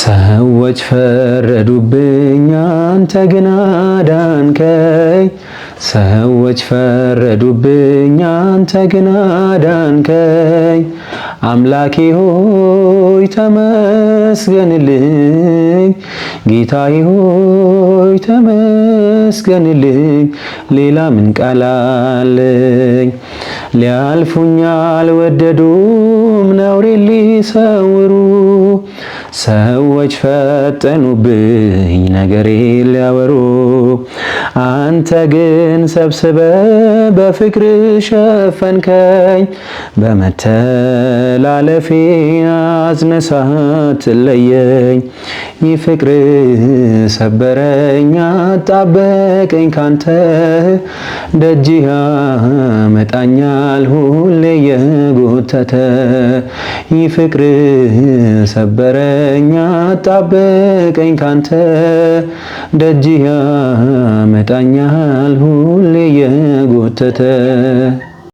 ሰዎች ፈረዱብኝ አንተ ግን አዳንከኝ። ሰዎች ፈረዱብኝ አንተ ግን አዳንከኝ። አምላኬ ሆይ ተመስገንልኝ፣ ጌታዬ ሆይ ተመስገንልኝ። ሌላ ምን ቃል አለኝ? ሊያልፉኝ አልወደዱም ነውሬ ሊሰውሩ ሰዎች ፈጠኑብኝ ነገሬ ሊያወሩ አንተ ግን ሰብስበ በፍቅር ሸፈንከኝ በመተላለፌ አዝነሳት ለየኝ ይህ ፍቅር ሰበረኝ አጣበቀኝ ካንተ ደጅ ያመጣኛል ሁሌ የጎተተ ይህ ፍቅር ሰበረኝ አጣበቀኝ ካንተ ደጅ ያመጣኛል ያህል ሁሌ የጎተተ